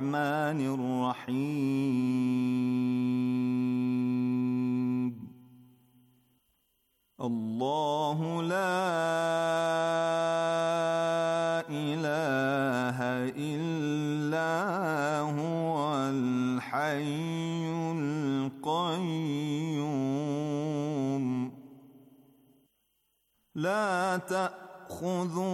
الرحمن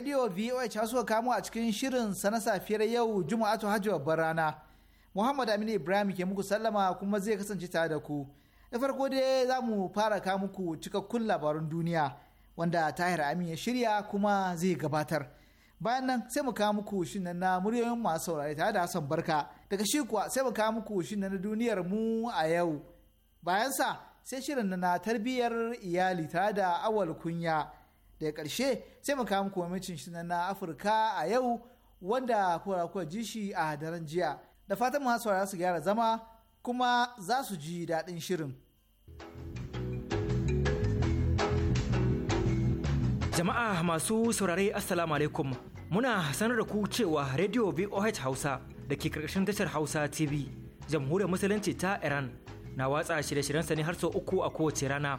radio ta hasu kamo a cikin shirin sana safiyar yau juma'atu hajji babbar rana muhammad aminu ibrahim ke muku sallama kuma zai kasance tare da ku da farko dai za mu fara ka muku cikakkun labarun duniya wanda tahir amin ya shirya kuma zai gabatar bayan nan sai mu kawo muku shin na muryoyin masu saurare tare da hassan barka daga shi kuwa sai mu kawo muku shin na duniyar mu a yau bayan sa sai shirin na tarbiyyar iyali tare da awal kunya daga karshe sai mu kawo muku mamacin shi na afirka a yau wanda kura kura ji shi a daren jiya da fatan masu saurara su gyara zama kuma za su ji daɗin shirin jama'a masu saurare assalamu alaikum muna sanar da ku cewa radio voh hausa da ke karkashin tashar hausa tv jamhuriyar musulunci ta iran na watsa shirye-shiryensa ne har sau uku a kowace rana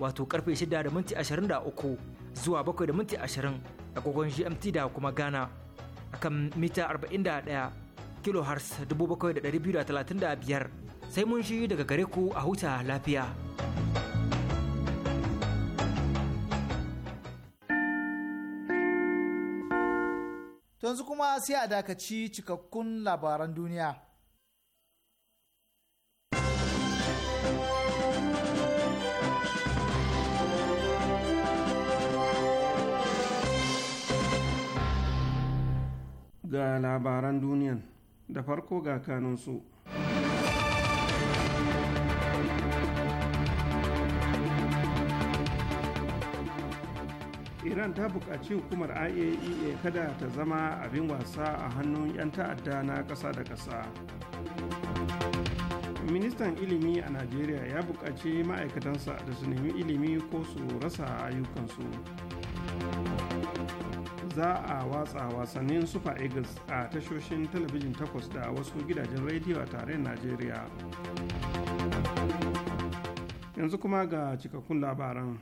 wato karfe 6 da minti 23 zuwa 7 da minti 20 agogon GMT da kuma Ghana akan mita 41 kilohertz 7,235 sai mun shi daga gare ku a huta lafiya. yanzu kuma sai a dakaci cikakkun labaran duniya. ga labaran duniyan da farko ga kanunsu. iran ta buƙaci hukumar iaea e kada ta zama abin wasa a hannun 'yan ta'adda na ƙasa da ƙasa ministan ilimi a najeriya ya buƙaci ma'aikatansa da su nemi ilimi ko su rasa ayyukansu za a watsa wasannin super eagles a tashoshin talabijin takwas da wasu gidajen rediyo a tare najeriya yanzu kuma ga cikakkun labaran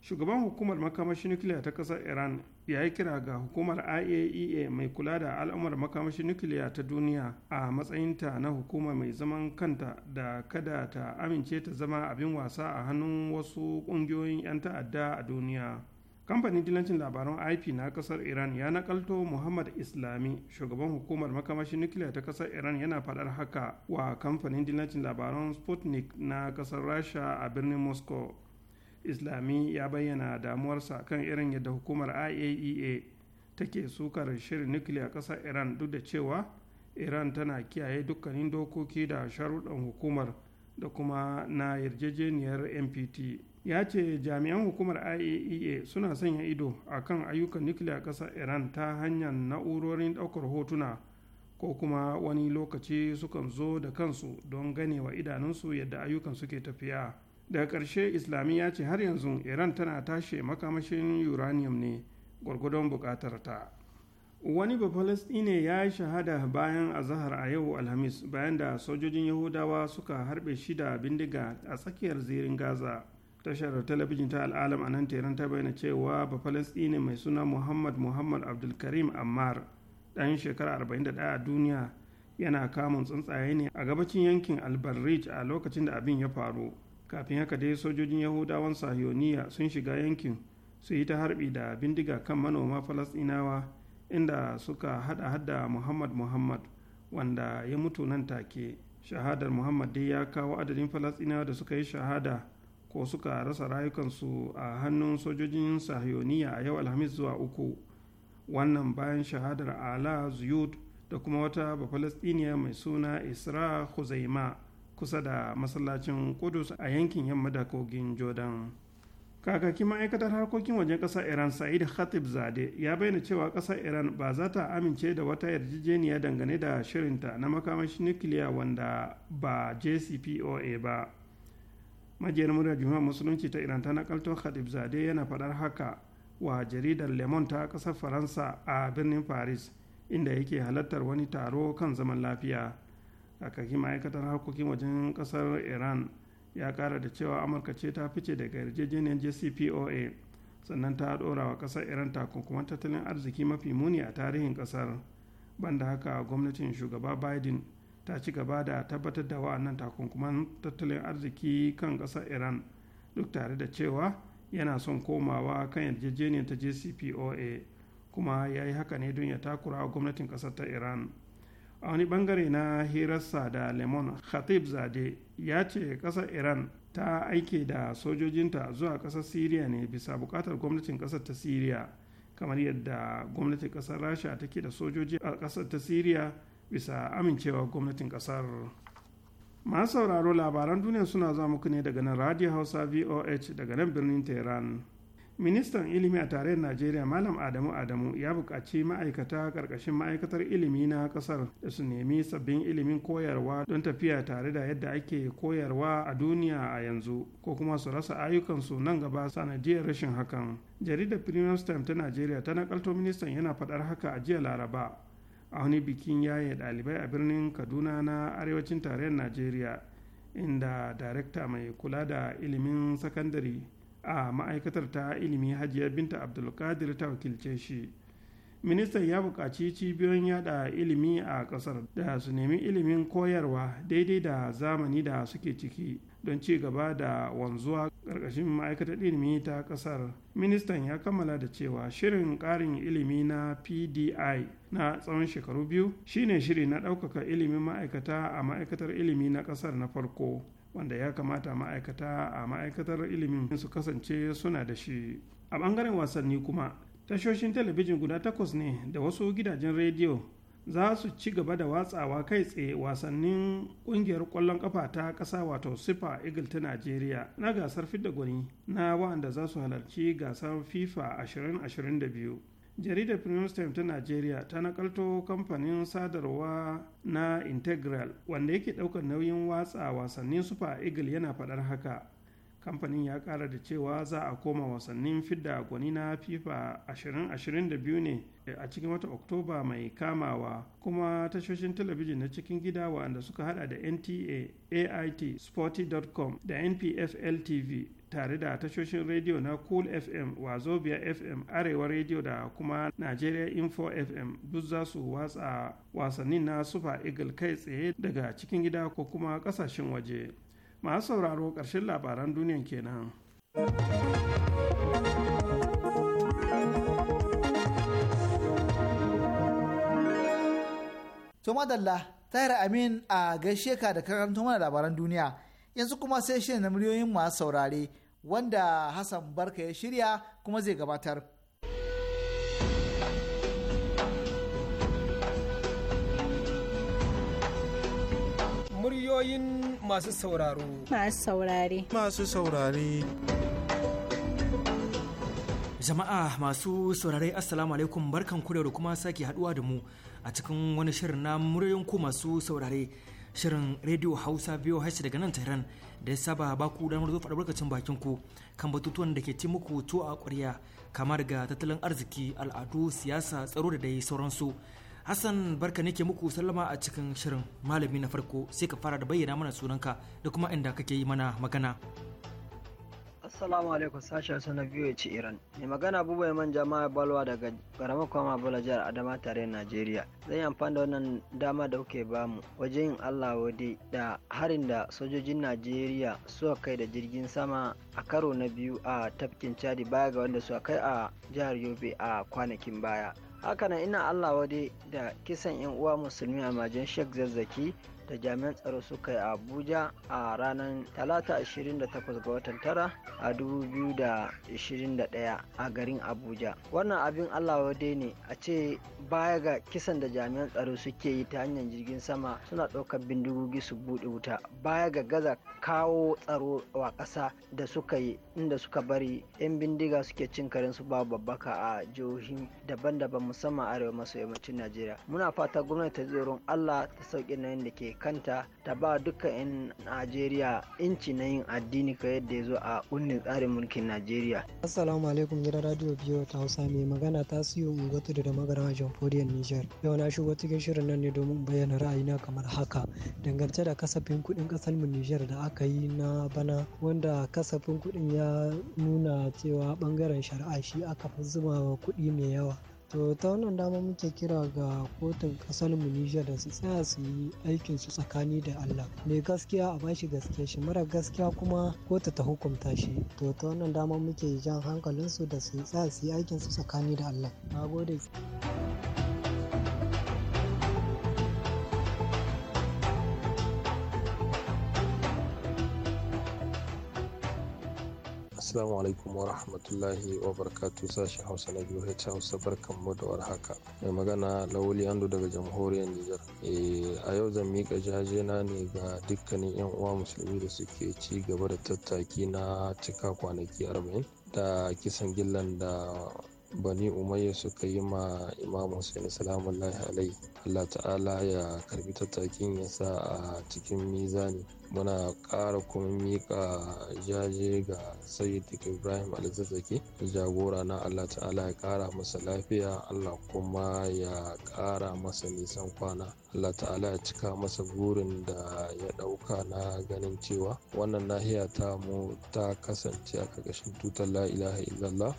shugaban hukumar makamashi nukiliya ta kasar iran ya yi kira ga hukumar iaea e mai kula da al'amuran makamashi nukiliya ta duniya a matsayinta na hukuma mai zaman kanta da kada ta amince ta zama abin wasa a hannun wasu ƙungiyoyin 'yan ta'adda a duniya kamfanin dilancin labaran ip na kasar iran ya nakalto muhammad islami shugaban hukumar makamashin nukiliya ta kasar iran yana faɗar haka wa kamfanin dilancin labaran sputnik na kasar rasha a birnin moscow islami ya bayyana damuwarsa kan irin yadda hukumar iaea e take sukar shirin nukiliya kasar iran duk da cewa iran tana kiyaye dukkanin dokoki da sharuɗan hukumar da kuma na yarjejeniyar mpt. ya ce jami'an hukumar iaea e suna sanya ido a kan ayyukan nukiliya ƙasar iran ta hanyar na'urorin ɗaukar hotuna ko kuma wani lokaci sukan zo da kansu don ganewa idanunsu yadda ayyukan suke tafiya daga ƙarshe islami ya ce har yanzu iran tana tashe makamashin uranium ne gwargwadon buƙatar ta wani bafalastine ya yi shahada bayan azahar a yau alhamis bayan da sojojin yahudawa suka harbe shida bindiga a tsakiyar zirin gaza tashar talabijin ta al'alam a nan teran ta bayyana cewa ba falastini mai suna muhammad muhammad abdulkarim ammar dan shekara 41 a duniya yana kamun tsuntsaye ne a gabacin yankin albarrich a lokacin da abin ya faru kafin haka dai sojojin yahudawan sahiyoniya sun shiga yankin su yi ta harbi da bindiga kan manoma falastinawa inda suka hada hada muhammad muhammad wanda ya mutu nan take shahadar muhammad dai ya kawo adadin falastinawa da suka yi shahada ko suka rasa rayukansu a hannun sojojin sahiyoniya a yau alhamis zuwa uku wannan bayan shahadar ala zuyud da kuma wata bafalastiniya mai suna isra huzaima kusa da masallacin kudus a yankin yamma da kogin jordan kakakin ma'aikatar harkokin wajen ƙasar iran sa'id khatib zade ya bayyana cewa ƙasar iran ba za ta amince da wata yarjejeniya dangane da shirinta na makamashi nukiliya wanda ba jcpoa ba majiyar muryar jihar musulunci ta iran ta nakalto khatib zade yana faɗar haka wa jaridar le monde ta ƙasar faransa a birnin paris inda yake halartar wani taro kan zaman lafiya kakakin ma'aikatar harkokin wajen ƙasar iran ya ƙara da cewa amurka ce ta fice daga yarjejeniyar jcpoa sannan ta ɗora wa ƙasar iran takunkuman tattalin arziki mafi muni a tarihin ƙasar banda haka gwamnatin shugaba biden ta ci gaba da tabbatar da wa'annan takunkuman tattalin arziki kan ƙasar iran duk tare da cewa yana son komawa kan yarjejeniyar ta jcpoa kuma ya yi haka ne don ya takura gwamnatin ƙasar ta iran a wani bangare na hirarsa da lemon khatib zade ya ce ƙasar iran ta aike da sojojinta zuwa ƙasar syria ne bisa buƙatar gwamnatin ƙasar ta syria kamar yadda gwamnatin ƙasar rasha take da sojoji a ƙasar ta syria bisa amincewa gwamnatin kasar masu sauraro labaran duniya suna zuwa muku ne daga nan radio hausa voh daga nan birnin tehran ministan ilimi a tarayyar najeriya malam adamu adamu ya buƙaci ma'aikata ƙarƙashin ma'aikatar ilimi na ƙasar da su nemi sabbin ilimin koyarwa don tafiya tare da yadda ake koyarwa a duniya a yanzu ko kuma su rasa ayyukansu nan gaba sanadiyar rashin hakan jaridar premium time ta najeriya ta nakalto ministan yana faɗar haka a jiya laraba a wani bikin yaye dalibai a birnin kaduna na arewacin tarayyar najeriya inda darekta mai kula da ilimin sakandare a ma'aikatar ta ilimi hajiya binta abdulkadir ta wakilce shi ministan ya buƙaci cibiyoyin yada ilimi a ƙasar da su nemi ilimin koyarwa daidai da zamani da suke ciki don ci gaba da wanzuwa ƙarƙashin ma'aikatar ilimi ta ƙasar ministan ya kammala da cewa shirin ƙarin ilimi na pdi na tsawon shekaru biyu shine shiri na ɗaukaka ilimin ma'aikata a ma'aikatar ilimi na ƙasar na farko wanda ya kamata ma'aikata a ma'aikatar ilimin su kasance suna da shi a ɓangaren wasanni kuma tashoshin talabijin guda takwas ne da wasu gidajen rediyo za su ci gaba da watsawa kai tsaye wasannin kungiyar kwallon kafa ta kasa wato sifa eagle ta najeriya na gasar fidda gwani na wa'anda za su halarci gasar fifa 2022 jaridar premium time ta najeriya ta nakalto kamfanin sadarwa na integral wanda yake ɗaukar nauyin watsa wasannin super eagle yana faɗar haka kamfanin ya kara da cewa za a koma wasannin fidda gwani na fifa 2022 ne a cikin wata oktoba mai kamawa kuma tashoshin talabijin na cikin gida waɗanda suka hada da nta ait sporty.com da npfl tv tare da tashoshin rediyo na cool fm wazobia fm arewa rediyo da kuma nigeria info fm duk za su watsa wasannin na super eagle kai tsaye daga cikin gida ko kuma kasashen waje masu sauraro ƙarshen labaran duniya kenan. To madalla tayar amin a gaishe ka da karanto mana labaran duniya yanzu kuma sai shirin na miliyoyin masu saurare wanda Hassan Barka ya shirya kuma zai gabatar. Muryoyin masu sauraro. Masu saurare. Masu saurare. Jama'a masu saurare Assalamu alaikum barkan ku da kuma sake haduwa da mu a cikin wani shirin na muryoyin ku masu saurare. Shirin Radio Hausa biyo hashi daga nan Tehran da ya saba ba ku damar zo faɗa barkacin bakin ku kan batutuwan da ke ci muku to a ƙwarya kamar ga tattalin arziki, al'adu, siyasa, tsaro da dai sauransu. su. Hassan barka nake muku sallama a cikin shirin malami na farko sai ka fara da bayyana mana sunanka da kuma inda kake yi mana magana. Assalamu alaikum sashen suna biyu ci Iran. Mai magana abubuwa ya manja ma balwa daga ƙaramar kwama bala jihar Adama tare Najeriya. Zan yi amfani da wannan dama da kuke bamu wajen yin Allah wade da harin da sojojin Najeriya suka kai da jirgin sama a karo na biyu a tafkin Chadi baya ga wanda suka kai a jihar Yobe a kwanakin baya. hakanan ina allah wade da kisan yan uwa musulmi a majin sheikh zazzaki da jami'an tsaro suka yi a abuja a ranar talata 28 ga watan tara a 2021 a garin abuja wannan abin allah wade ne a ce baya ga kisan da jami'an tsaro suke yi ta hanyar jirgin sama suna ɗaukar bindigogi su buɗe wuta baya ga gaza kawo tsaro wa ƙasa da suka yi inda suka bari 'yan bindiga suke cin karen su babu babbaka a jihohi daban-daban musamman arewa maso yammacin najeriya muna fata gwamnati ta tsoron allah ta sauƙi nauyin da ke kanta ta ba duka 'yan najeriya inci na yin addini ka yadda ya zo a kunnin tsarin mulkin najeriya assalamu alaikum gidan radio biyu ta hausa mai magana ta siyo ungwatu da magana jamhuriyar niger yau na shigo cikin shirin nan ne domin bayyana ra'ayina kamar haka dangance da kasafin kuɗin ƙasar mu niger da aka yi na bana wanda kasafin kuɗin ya nuna cewa ɓangaren shari'a shi aka fi zuba kuɗi mai yawa To ta wannan dama muke kira ga kotun ƙasar mu da su tsaya su yi aikin su tsakani da Allah. Mai gaskiya a bashi gaskiya shi mara gaskiya kuma kota ta hukunta shi. To ta wannan dama muke jan hankalinsu da su tsaya su yi aikin su tsakani da Allah. Na gode. Assalamu alaikum wa rahmatullahi wa barakatu sashi Hausa na biyu ya Hausa barkan mu da warhaka. Mai magana Lawuli Ando daga jamhuriyar Nijar. Eh, a yau zan miƙa jajena ne ga dukkanin 'yan uwa musulmi da suke ci gaba da tattaki na cika kwanaki 40 da kisan gillan da bani umayya suka yi ma imamu hussein salamun alaihi allah ta'ala ya karbi tattakin ya sa a cikin mizani muna ƙara kuma miƙa jaje ga sayyid ibrahim alzazzaki jagora na allah ta'ala ya ƙara masa lafiya allah kuma ya ƙara masa nisan kwana allah ta'ala ya cika masa burin da ya ɗauka na ganin cewa wannan nahiya ta mu ta kasance a ƙarƙashin tutar la illallah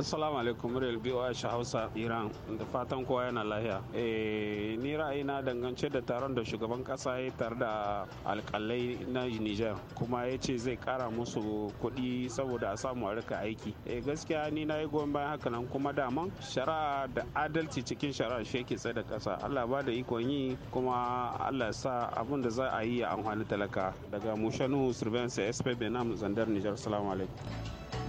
Assalamu alaikum muryar BOH Hausa Iran da fatan kowa yana lahiya. Eh, ni ra'ayina dangance da taron da shugaban kasa ya tare da alkalai na Niger kuma ya ce zai kara musu kuɗi saboda a samu a rika aiki. Eh gaskiya ni na yi goyon bayan haka nan kuma daman shari'a da adalci cikin shari'a shi yake tsaye da kasa. Allah ba da ikon yi kuma Allah sa abun da za a yi ya amfani talaka daga Mushanu Surveillance SP na Zandar Niger. Assalamu alaikum.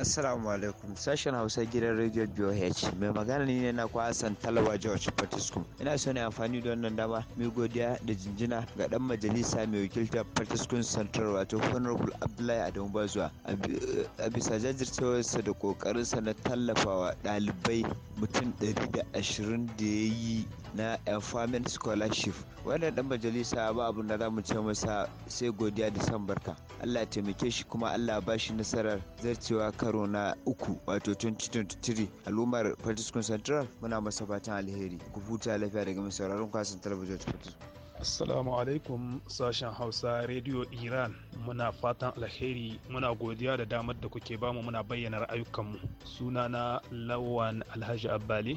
Assalamu alaikum sashen Hausa gidan Radio BOH mai magana ne na kwa Hassan Talawa George Patiskum. Ina so ne amfani da wannan dama mai godiya da jinjina ga dan majalisa mai wakiltar Patiskum Central wato Honorable Abdullahi Adamu Bazuwa a bisa sa da kokarinsa na tallafawa ɗalibai mutum 120 da ya yi na Empowerment Scholarship. Wannan dan majalisa ba abun da zamu ce masa sai godiya da san barka. Allah taimake shi kuma Allah ba shi nasarar zarcewa karo na uku wato 2023 al'ummar Fatiskun Central muna masa fatan alheri. Ku huta lafiya daga mai sauraron kwasan talabijin Fatiskun. Assalamu alaikum sashen Hausa Radio Iran muna fatan alheri muna godiya da damar da kuke bamu muna bayyana ra'ayukanmu sunana Lawan Alhaji Abbali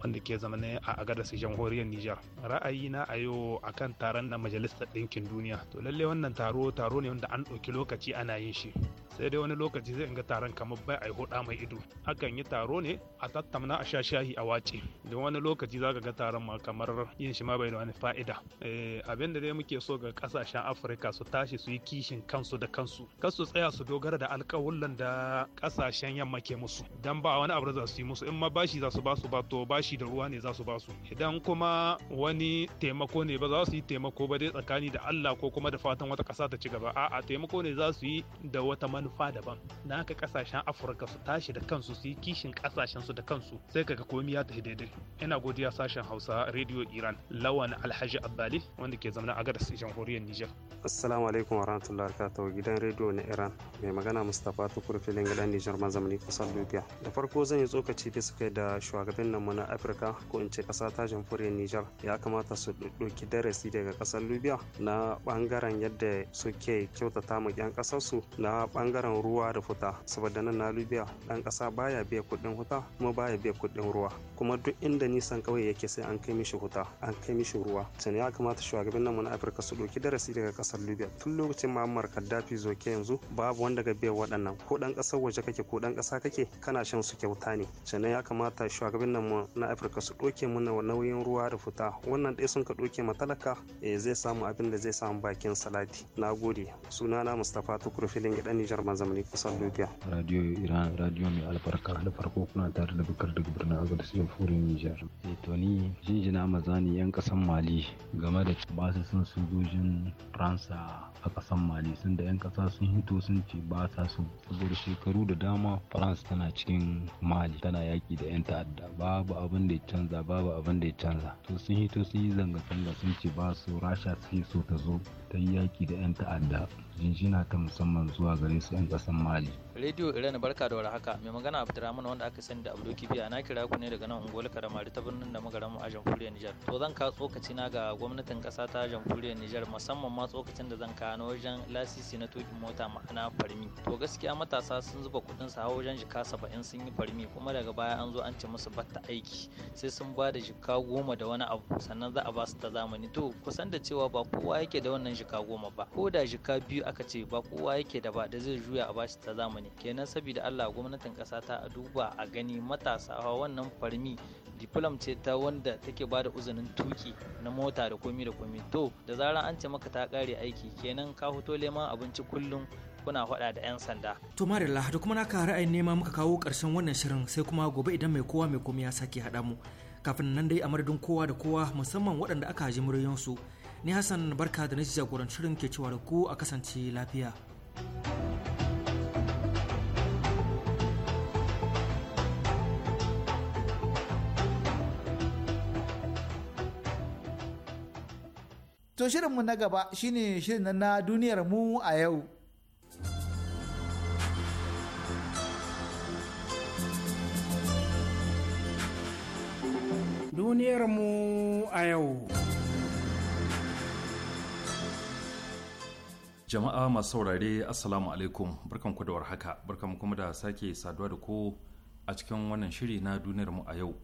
wanda ke zamane a agadar jamhuriyar Nijar. Ra'ayina a yau akan taron na Majalisar Ɗinkin Duniya. To lalle wannan taro taro ne wanda an ɗauki lokaci ana yin shi. sai dai wani lokaci zai ga taron kamar bai a huda mai ido Hakan yi taro ne a tattamna a sha shayi a wace da wani lokaci za ka ga taron ma kamar yin shi ma bai da wani fa'ida eh, abin da dai muke so ga kasashen afirka su tashi su yi kishin kansu da kansu kar su tsaya su dogara da alkawullan da kasashen yamma ke musu dan ba wani abu za su yi musu in ma bashi za su ba su ba to bashi da ruwa ne za su ba su idan kuma wani taimako ne ba za su yi taimako ba dai tsakani da Allah ko kuma da fatan wata kasa ta ci gaba a'a taimako ne za su yi da wata manufa daban na haka kasashen afirka su tashi da kansu su yi kishin kasashen su da kansu sai kaga komai ya tafi daidai ina godiya sashen hausa radio iran lawan alhaji abdali wanda ke zama a gadar jamhuriyar niger assalamu alaikum wa rahmatullahi wa gidan radio na iran mai magana mustapha tukur filin gidan niger mazamani kasar libya da farko zan yi tsokaci bisa kai da shugaban nan mu na afirka ko in ce kasa ta jamhuriyar nijar ya kamata su ɗauki darasi daga kasar libya na bangaren yadda suke kyautata ma 'yan kasarsu na bangaren bangaren ruwa da futa saboda nan na lubiya dan kasa baya biya kuɗin huta kuma baya biya kuɗin ruwa kuma duk inda nisan kawai yake sai an kai mishi wuta an kai mishi ruwa sani ya kamata shugaban nan na afirka su doki darasi daga kasar libya tun lokacin muammar kaddafi zoke yanzu babu wanda ga biyan waɗannan ko dan kasar waje kake ko dan kasa kake kana shan su kyauta ne sani ya kamata shugaban nan na afirka su ɗauke mana nauyin ruwa da futa wannan dai sun ka doke ma talaka matalaka eh, zai samu abin da zai samu bakin salati na sunana mustapha tukur filin gidan nijar garman zamanin kasar libya radio iran radio mai albarka na farko kuna tare da bukar da birnin agadis jamhuriyar nijar etoni eh, to ni jinjina mazani yan kasan mali game da ba su son sojojin faransa a kasan mali sun da yan kasa sun hito sun ce ba sa su. saboda shekaru da dama faransa tana cikin mali tana yaki da yan ta'adda babu abin da ya canza babu abin da ya canza to sun hito sun yi zanga-zanga sun ce ba su rasha su so ta zo ta yi yaƙi da 'yan ta'adda jinjina ta musamman zuwa gare su 'yan ƙasar mali Radio Iran barka da warhaka mai magana Abdurrahman wanda aka sani da abu Biya na kira ku ne daga nan unguwar Karamari ta birnin da magaramu a Jamhuriyar Nijar. To zan ka tsokaci na ga gwamnatin kasa ta Jamhuriyar Nijar musamman ma tsokacin da zan kawo na wajen lasisi na tukin mota ma'ana farmi. To gaskiya matasa sun zuba kuɗin su hawa wajen jika saba'in sun yi farmi kuma daga baya an zo an ce musu batta aiki sai sun ba da jika goma da wani abu sannan za a ba su ta zamani. To kusan da cewa ba kowa yake da wannan jika goma ba ko da jika biyu aka ce ba kowa yake da ba da zai juya a ba shi ta zamani. kenan saboda Allah gwamnatin ƙasa ta a duba a gani matasa wannan farmi diplom ce ta wanda take bada uzunin tuki na mota da komi da komi to da zarar an ce maka ta kare aiki kenan ka fito leman abinci kullum kuna faɗa da 'yan sanda. To Marilla, da kuma naka ra'ayin nema muka kawo karshen wannan shirin sai kuma gobe idan mai kowa mai komi ya sake hada mu. Kafin nan dai a madadin kowa da kowa musamman waɗanda aka ji su Ni Hassan barka da na jagorancin shirin ke cewa da ku a kasance lafiya. thank you To shirinmu na gaba shine shirin na duniyar mu a yau. Duniyar mu a yau. Jama'a masu saurare Assalamu alaikum barkan da warhaka barkanku kuma da sake saduwa da ko a cikin wannan shiri na duniyar mu a yau.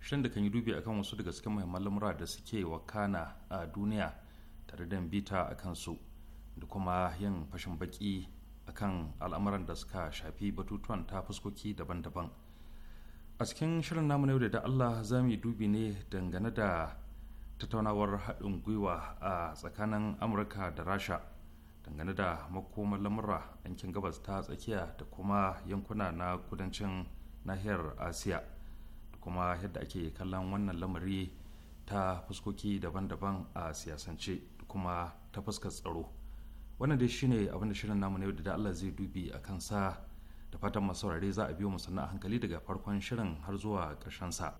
Shirin da kan yi dubi akan wasu daga cikin muhimman lamura da suke wakana a duniya tare da bita a kansu da kuma yin fashin baki a kan al'amuran da suka shafi batutuwan ta fuskoki daban-daban a cikin shirin namu na yau da allah za mu yi dubi ne dangane da tattaunawar haɗin gwiwa a tsakanin amurka da rasha dangane da makomar lamura yankin gabas ta tsakiya da kuma yankuna na kudancin nahiyar asiya da kuma yadda ake kallon wannan lamari ta fuskoki daban-daban a siyasance. kuma ta fuskar tsaro wannan dai shine abinda shirin namu na yau da Allah zai dubi a sa da fatan masu za a biyo mu sannan a hankali daga farkon shirin har zuwa ƙarshen sa.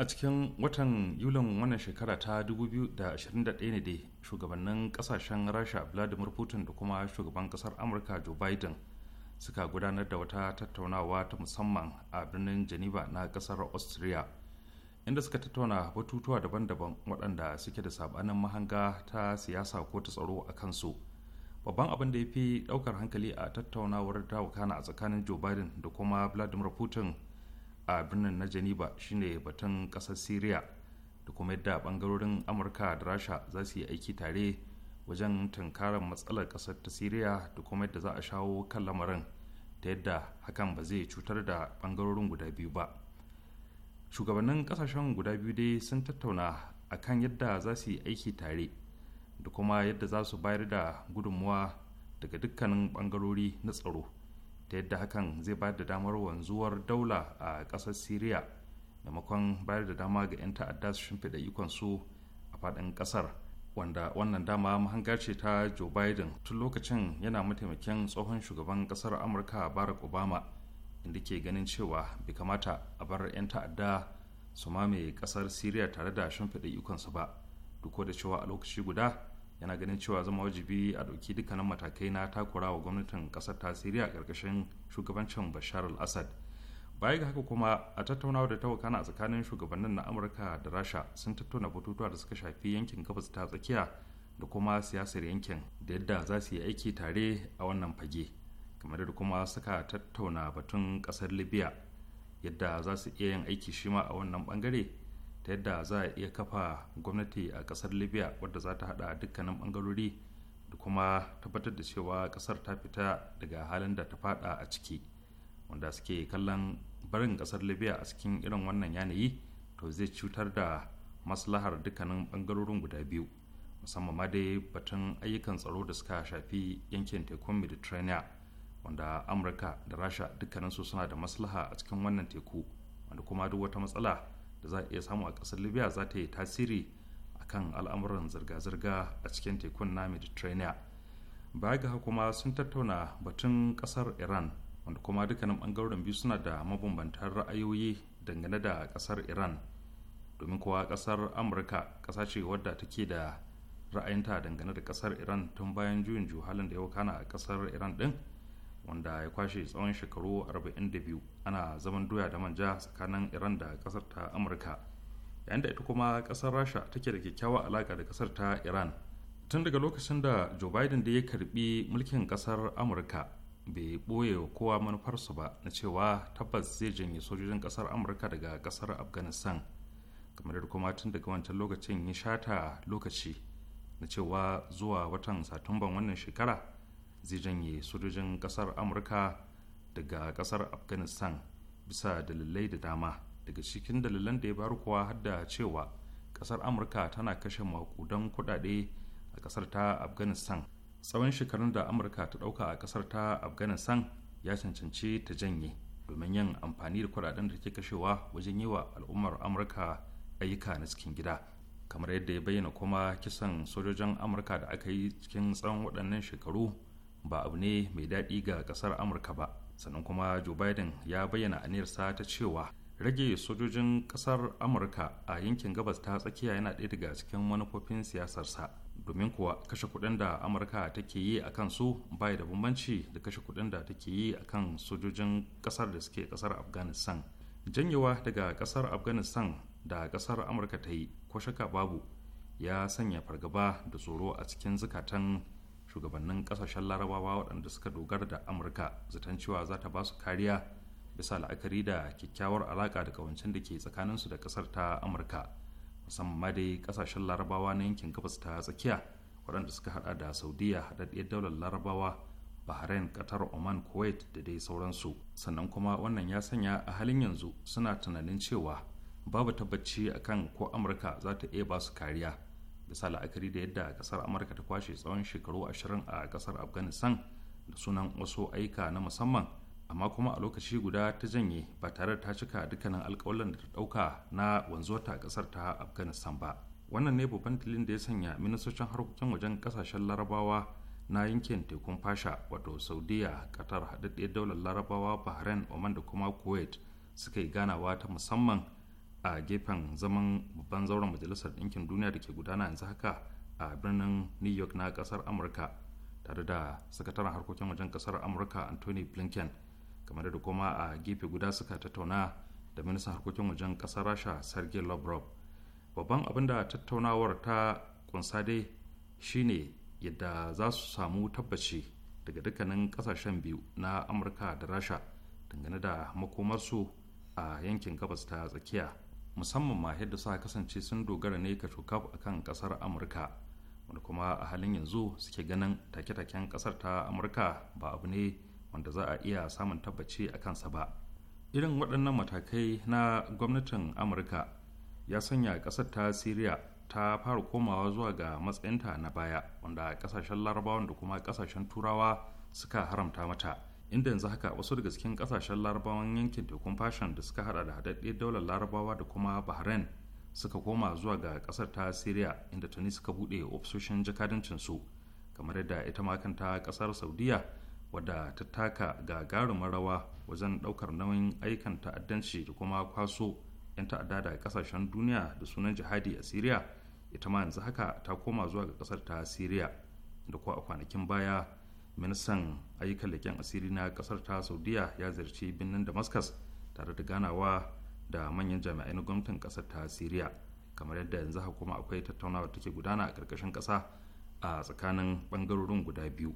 a cikin watan yulin wannan shekara ta 2021 ne dai shugabannin kasashen rasha vladimir putin da kuma shugaban kasar amurka joe biden suka gudanar da wata tattaunawa ta musamman a birnin geneva na kasar austria inda suka tattauna batutuwa daban-daban waɗanda suke da sabanin mahanga ta siyasa ko ta tsaro a kansu babban abin da ya fi ɗaukar hankali a tattaunawar dawakana a tsakanin joe biden da kuma vladimir putin a birnin na geneva shine batun kasar syria da kuma yadda bangarorin amurka da rasha za su yi aiki tare wajen tunkarar matsalar kasar ta syria da kuma yadda za a shawo kan lamarin ta yadda hakan ba zai cutar da bangarorin guda biyu ba shugabannin kasashen guda biyu dai sun tattauna a kan yadda za su yi aiki tare da kuma yadda za su bayar da gudunmuwa daga dukkanin bangarori na tsaro ta yadda hakan zai bayar da damar wanzuwar daula a ƙasar syria maimakon bayar da dama ga 'yan ta'adda su shimfiɗa ikonsu a faɗin ƙasar wanda wannan dama mahanga ce ta joe biden tun lokacin yana mataimakin tsohon shugaban ƙasar amurka barack obama inda ke ganin cewa bai kamata a bar 'yan ta'adda su mame ƙasar syria tare da shimfiɗa ikonsu ba duk da cewa a lokaci guda yana ganin cewa zama wajibi a ɗauki dukkanin matakai na takura wa gwamnatin ƙasar ta siriya karkashin shugabancin bashar al-assad baya ga haka kuma a tattaunawa da tawakana a tsakanin shugabannin na amurka da rasha sun tattauna batutuwa da suka shafi yankin gabas ta tsakiya da kuma siyasar yankin da yadda za su yi aiki tare a wannan fage kamar da kuma suka tattauna batun ƙasar libya yadda za su iya yin aiki shima a wannan bangare ta yadda za a iya kafa gwamnati a kasar libya wadda za ta hada dukkanin bangarori da kuma tabbatar da cewa kasar ta fita daga halin da ta fada a ciki wanda suke kallon barin kasar libya a cikin irin wannan yanayi to zai cutar da maslahar dukkanin bangarorin guda biyu musamman ma dai batun ayyukan tsaro da suka shafi yankin tekun mediterranean wanda amurka da rasha dukkaninsu suna da maslaha a cikin wannan teku wanda kuma duk wata matsala da za a iya samu a ƙasar libya za ta yi tasiri akan al'amuran zirga-zirga a cikin tekun na mediterranean baya ga kuma sun tattauna batun ƙasar iran wanda kuma dukkanin ɓangaren biyu suna da mabambantar ra'ayoyi dangane da ƙasar iran domin kowa ƙasar amurka ƙasa ce wadda take da ra'ayinta dangane da ƙasar iran tun bayan juyin juhalin da ya wakana a ƙasar iran ɗin wanda ya kwashe tsawon shekaru 42 ana zaman doya da manja tsakanin iran da kasar ta amurka yayin da ita kuma kasar rasha take da kyakkyawa alaka da kasar ta iran tun daga lokacin da joe biden da ya karbi mulkin kasar amurka bai ɓoye wa kowa manufarsu ba na cewa tabbas zai janye sojojin kasar amurka daga kasar afghanistan kamar da kuma tun daga wancan lokacin ya shata lokaci na cewa zuwa watan satumban wannan shekara zai janye sojojin kasar amurka daga kasar afghanistan bisa dalilai da dama daga cikin dalilan da ya bar kuwa har cewa kasar amurka tana kashe makudan kudade a kasar ta afghanistan tsawon shekarun da amurka ta dauka a kasar ta afghanistan ya cancanci ta janye domin yin amfani da kudaden da ke kashewa wajen yi wa al'ummar amurka ayyuka na cikin gida kamar yadda ya bayyana kuma kisan sojojin amurka da aka yi cikin tsawon waɗannan shekaru ba abu ne mai daɗi ga ƙasar amurka ba sannan kuma joe biden ya bayyana aniyarsa ta cewa rage sojojin ƙasar amurka a yankin gabas ta tsakiya yana ɗaya daga cikin manufofin siyasarsa domin kuwa kashe kuɗin da amurka take yi a su ba da bambanci da kashe kuɗin da take yi a kan sojojin ƙasar da suke ƙasar afghanistan janyewa daga ƙasar afghanistan da ƙasar amurka ta yi ko shaka babu ya sanya fargaba da tsoro a cikin zukatan shugabannin kasashen larabawa waɗanda suka dogara da amurka zaton cewa za ta ba su kariya bisa la'akari da kyakkyawar alaƙa da kawancin da ke tsakaninsu da ƙasar ta amurka musamman ma dai ƙasashen larabawa na yankin gabas ta tsakiya waɗanda suka hada da saudiya haɗaɗɗiyar daular larabawa bahrain qatar oman kuwait da dai sauransu sannan kuma wannan ya sanya a halin yanzu suna tunanin cewa babu tabbaci akan ko amurka za ta iya ba su kariya bisa la'akari da yadda kasar amurka ta kwashe tsawon shekaru ashirin a kasar afghanistan da sunan wasu aika na musamman amma kuma a lokaci guda ta janye ba tare da ta cika dukkanin alkawalan da ta dauka na ta kasar ta afghanistan ba wannan ne babban tilin da ya sanya ministocin harkokin wajen kasashen larabawa na yankin tekun fasha wato saudiya qatar haɗaɗɗiyar daular larabawa bahrain oman da kuma kuwait suka yi ganawa ta musamman a gefen zaman babban zauren majalisar ɗinkin duniya da ke gudana yanzu haka a birnin new york na ƙasar amurka tare da sakataren harkokin wajen ƙasar amurka anthony blinken kamar da kuma a gefe guda suka tattauna da ministan harkokin wajen ƙasar rasha sergei lavrov babban abin da tattaunawar ta kunsa dai shine yadda za su samu tabbaci daga dukkanin ƙasashen biyu na amurka da rasha dangane da makomarsu a yankin gabas ta tsakiya musamman ma yadda suka kasance sun dogara ne ka a kan kasar amurka wanda kuma a halin yanzu suke ganin take-taken kasar ta amurka ba abu ne wanda za a iya samun tabbaci a kansa ba irin waɗannan matakai na gwamnatin amurka ya sanya kasar ta syria ta fara komawa zuwa ga matsayinta na baya wanda kasashen larabawan da kuma kasashen turawa suka haramta mata inda yanzu haka wasu daga cikin kasashen larabawan yankin tekun fashon da suka hada da haɗaɗɗiyar daular larabawa da kuma bahrain suka koma zuwa ga kasar ta syria inda tuni suka buɗe ofisoshin jakadancinsu kamar yadda ita ma kanta kasar saudiya wadda ta taka gagarumin rawa wajen ɗaukar nauyin aikan ta'addanci da kuma kwaso 'yan ta'adda da kasashen duniya da sunan jihadi a syria ita ma yanzu haka ta koma zuwa ga kasar ta syria da kuwa a kwanakin baya ministan ayyukan leƙen asiri na ƙasar ta saudiya ya ziyarci birnin damascus tare da ganawa da manyan jami'ai na gwamnatin ƙasar ta siriya kamar yadda yanzu hakuma akwai tattaunawa take gudana a ƙarƙashin ƙasa a tsakanin ɓangarorin guda biyu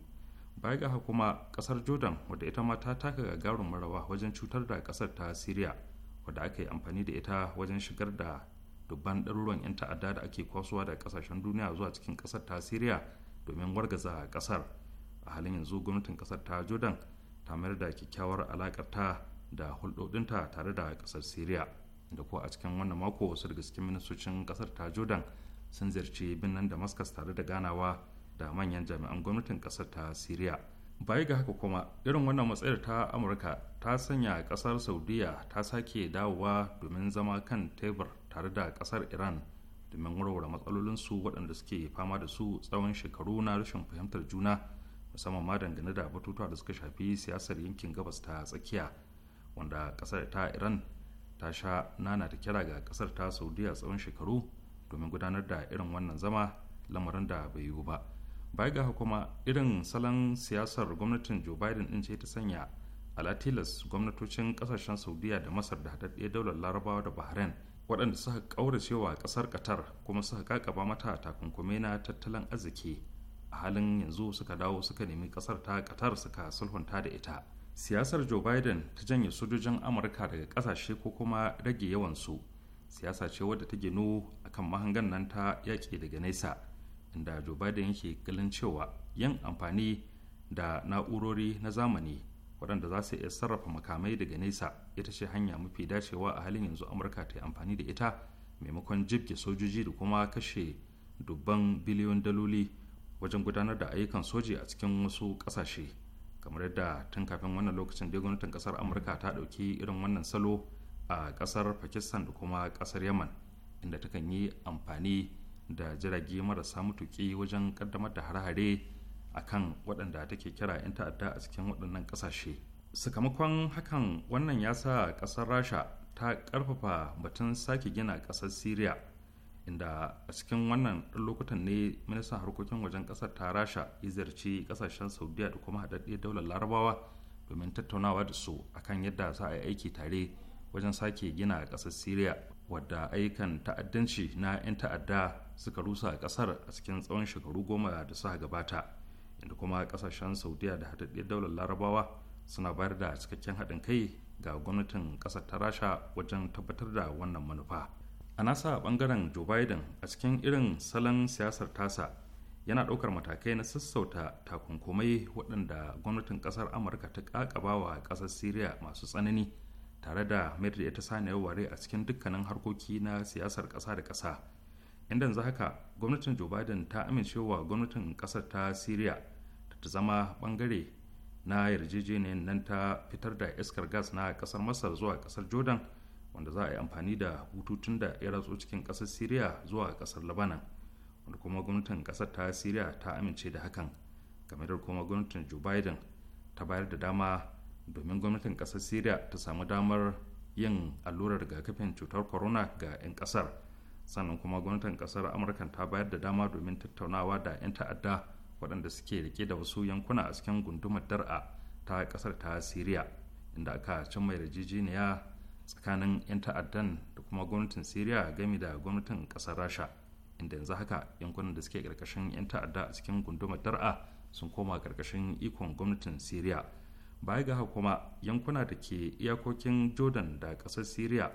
baya ga kuma ƙasar jordan wadda ita ma ta taka gagarun marawa wajen cutar da ƙasar ta siriya wadda aka yi amfani da ita wajen shigar da dubban ɗaruruwan 'yan ta'adda da ake kwasuwa da ƙasashen duniya zuwa cikin ƙasar ta siriya domin wargaza ƙasar a halin yanzu gwamnatin kasar ta jordan ta mayar da kyakkyawar alakar ta da hulɗoɗinta tare da kasar syria da kuwa a cikin wannan mako wasu daga cikin ministocin kasar ta jordan sun ziyarci birnin damascus tare da ganawa da manyan jami'an gwamnatin kasar ta syria baya ga haka kuma irin wannan matsayar ta amurka ta sanya kasar saudiya ta sake dawowa domin zama kan tebur tare da kasar iran domin warware matsalolinsu waɗanda suke fama da su tsawon shekaru na rashin fahimtar juna musamman ma dangane da batutuwa da suka shafi siyasar yankin gabas ta tsakiya wanda kasar ta iran ta sha nana ta kira ga kasar ta saudiya tsawon shekaru domin gudanar da irin wannan zama lamarin da bai yiwu ba baya ga kuma irin salon siyasar gwamnatin joe biden din ce ta sanya alatilas gwamnatocin kasashen saudiya da masar da haɗaɗɗiyar daular larabawa da bahrain waɗanda suka cewa ƙasar qatar kuma suka kakaba mata takunkumi na tattalin arziki a halin yanzu suka dawo suka nemi kasar ta katar suka sulhunta da ita siyasar joe biden ta janye sojojin amurka daga kasashe ko kuma rage yawansu siyasa ce wadda ta ginu kan mahangan nan ta yaƙi daga nesa inda joe biden yake galin cewa yin amfani da na'urori na zamani waɗanda za su iya sarrafa makamai daga nesa ita ce hanya mafi dacewa a halin yanzu amurka ta yi amfani da ita maimakon jibge sojoji da kuma kashe dubban biliyon daloli wajen gudanar da ayyukan soji a cikin wasu ƙasashe kamar yadda tun kafin wannan lokacin da gwamnatin ƙasar amurka ta ɗauki irin wannan salo a ƙasar pakistan da kuma ƙasar yaman inda takan yi amfani da jirage marasa mutuƙi wajen ƙaddamar da hare-hare a kan waɗanda take kira 'yan ta'adda a cikin waɗannan ƙasashe sakamakon hakan wannan ya sa ƙasar rasha ta ƙarfafa batun sake gina ƙasar syria inda a cikin wannan lokutan ne ministan harkokin wajen kasar ta rasha ya ziyarci kasashen saudiya da kuma haɗaɗɗe daular larabawa domin tattaunawa da su akan yadda za a yi aiki tare wajen sake gina ƙasar syria wadda ayyukan ta'addanci na 'yan ta'adda suka rusa a ƙasar a cikin tsawon shekaru goma da suka gabata inda kuma kasashen saudiya da haɗaɗɗe daular larabawa suna bayar da cikakken haɗin kai ga gwamnatin ƙasar ta rasha wajen tabbatar da wannan manufa a nasa bangaren joe biden a cikin irin salon siyasar tasa yana ɗaukar matakai na sassauta takunkumai waɗanda gwamnatin ƙasar amurka ta ƙaƙaba wa ƙasar syria masu tsanani tare da mayar da ita saniyar ware a cikin dukkanin harkoki na siyasar ƙasa da ƙasa inda za haka gwamnatin joe biden ta amincewa gwamnatin ƙasar ta syria ta zama bangare na yarjejeniyar nan ta fitar da iskar gas na ƙasar masar zuwa ƙasar jordan wanda za a yi amfani da bututun da ya ratso cikin ƙasar syria zuwa ƙasar labanan wanda kuma gwamnatin ƙasar ta syria ta amince da hakan game da kuma gwamnatin joe biden ta bayar da dama domin gwamnatin ƙasar syria ta samu damar yin allurar rigakafin cutar corona ga 'yan ƙasar sannan kuma gwamnatin ƙasar amurka ta bayar da dama domin tattaunawa da 'yan ta'adda waɗanda suke rike da wasu yankuna a cikin gundumar dar'a ta ƙasar ta syria inda aka cimma yarjejeniya tsakanin 'yan ta'addan da kuma gwamnatin syria gami da gwamnatin kasar rasha inda yanzu haka yankunan da suke karkashin 'yan ta'adda a cikin gundumar dar'a sun koma karkashin ikon gwamnatin syria baya ga haka kuma yankuna da ke iyakokin jordan da kasar syria